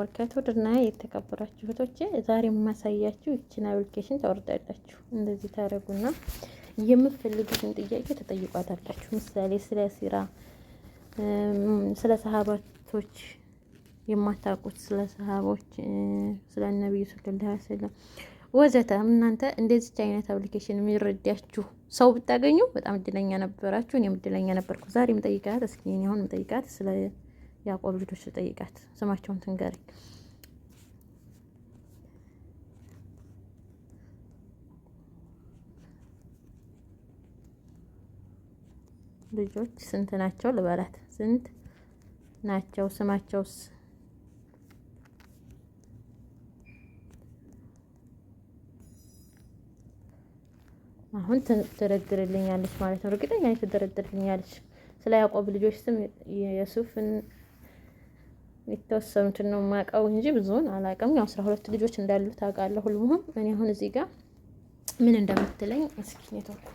ወርከቶድና የተከበራችሁ እህቶቼ ዛሬ የማሳያችሁ ይችን አፕሊኬሽን ታወርዳላችሁ። እንደዚህ ታደረጉና የምፈልጉትን ጥያቄ ተጠይቋታላችሁ። ምሳሌ ስለ ሲራ፣ ስለ ሰሃባቶች የማታውቁት ስለ ሰሃቦች፣ ስለ ነቢዩ ሰለላሁ ዐለይሂ ወሰለም ወዘተ። እናንተ እንደዚች አይነት አፕሊኬሽን የሚረዳችሁ ሰው ብታገኙ በጣም እድለኛ ነበራችሁ። እኔም እድለኛ ነበርኩ። ዛሬም የምጠይቃት እስኪ አሁን የምጠይቃት ስለ ያዕቆብ ልጆች ስጠይቃት ስማቸውን ትንገረኝ። ልጆች ስንት ናቸው ልበላት? ስንት ናቸው? ስማቸውስ? አሁን ትደረድርልኛለች ማለት ነው። እርግጠኛ ትደረድርልኛለች። ስለ ያዕቆብ ልጆች ስም የሱፍን የተወሰኑትን ነው የማውቀው እንጂ ብዙውን አላውቅም። ያው አስራ ሁለት ልጆች እንዳሉ ታውቃለህ። ሁሉም እኔ አሁን እዚህ ጋር ምን እንደምትለኝ እስኪ ኔትወርኩ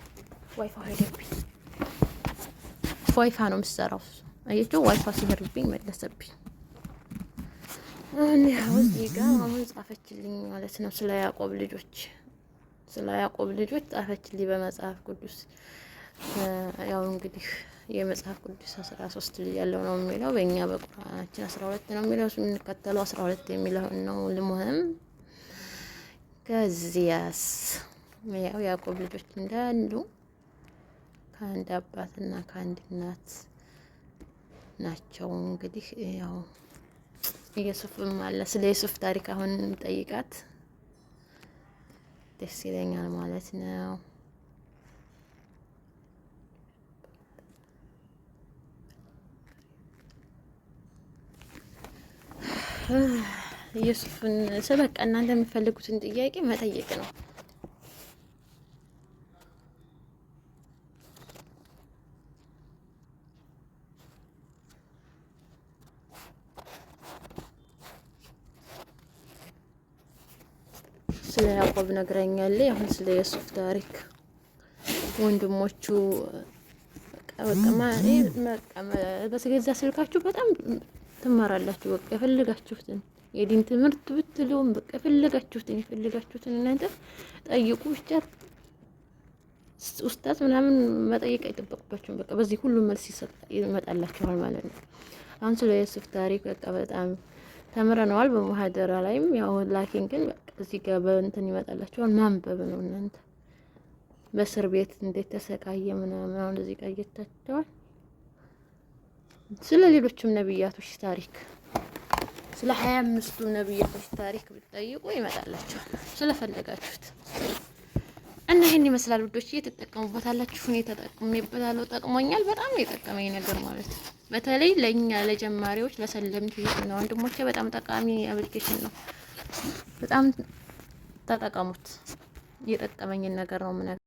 ዋይፋ ሄደብኝ። ዋይፋ ነው የምትሰራው አየችው። ዋይፋ ሲሄድብኝ መለሰብኝ። እኔ አሁን እዚህ ጋር አሁን ጻፈችልኝ ማለት ነው ስለ ያዕቆብ ልጆች ስለ ያዕቆብ ልጆች ጻፈችልኝ በመጽሐፍ ቅዱስ ያው እንግዲህ የመጽሐፍ ቅዱስ አስራ ሶስት ልጅ ያለው ነው የሚለው በእኛ በቁርአናችን አስራ ሁለት ነው የሚለው የምንከተለው አስራ ሁለት የሚለውን ነው ልሞህም ከዚያስ ያው ያዕቆብ ልጆች እንዳሉ ከአንድ አባትና ከአንድ እናት ናቸው። እንግዲህ ያው ዩሱፍም አለ። ስለ ዩሱፍ ታሪክ አሁን ጠይቃት ደስ ይለኛል ማለት ነው። የሱፍን ስበቃ እናንተ የምፈልጉትን ጥያቄ መጠየቅ ነው። ስለ ያዕቆብ ነግረኛል። አሁን ስለ የሱፍ ታሪክ ወንድሞቹ በቃ በስገዛ ስልካችሁ በጣም ትማራላችሁ። በቃ የፈለጋችሁትን የዲን ትምህርት ብትሉም በቃ የፈለጋችሁትን የፈለጋችሁትን እናንተ ጠይቁ ብቻ። ኡስታዝ ምናምን መጠየቅ አይጠበቅባችሁም። በቃ በዚህ ሁሉ መልስ ይመጣላችኋል ማለት ነው። አሁን ስለ የሱፍ ታሪክ በቃ በጣም ተምረነዋል በሙሀደራ ላይም ያው ላኪን ግን እዚህ ጋር በእንትን ይመጣላችኋል። ማንበብ ነው እናንተ በእስር ቤት እንዴት ተሰቃየ ምናምን አሁን እዚህ ጋር እየታቸዋል ስለ ሌሎችም ነብያቶች ታሪክ ስለ ሀያ አምስቱ ነብያቶች ታሪክ ብትጠይቁ ይመጣላችኋል ስለፈለጋችሁት። እና ይህን ይመስላል ውዶች፣ እየተጠቀሙበታላችሁ። እኔ ተጠቅሜበታለሁ፣ ጠቅሞኛል። በጣም ነው የጠቀመኝ ነገር ማለት ነው። በተለይ ለእኛ ለጀማሪዎች፣ ለሰለምት ነው ወንድሞቼ፣ በጣም ጠቃሚ አፕሊኬሽን ነው። በጣም ተጠቀሙት። የጠቀመኝን ነገር ነው የምነግርህ።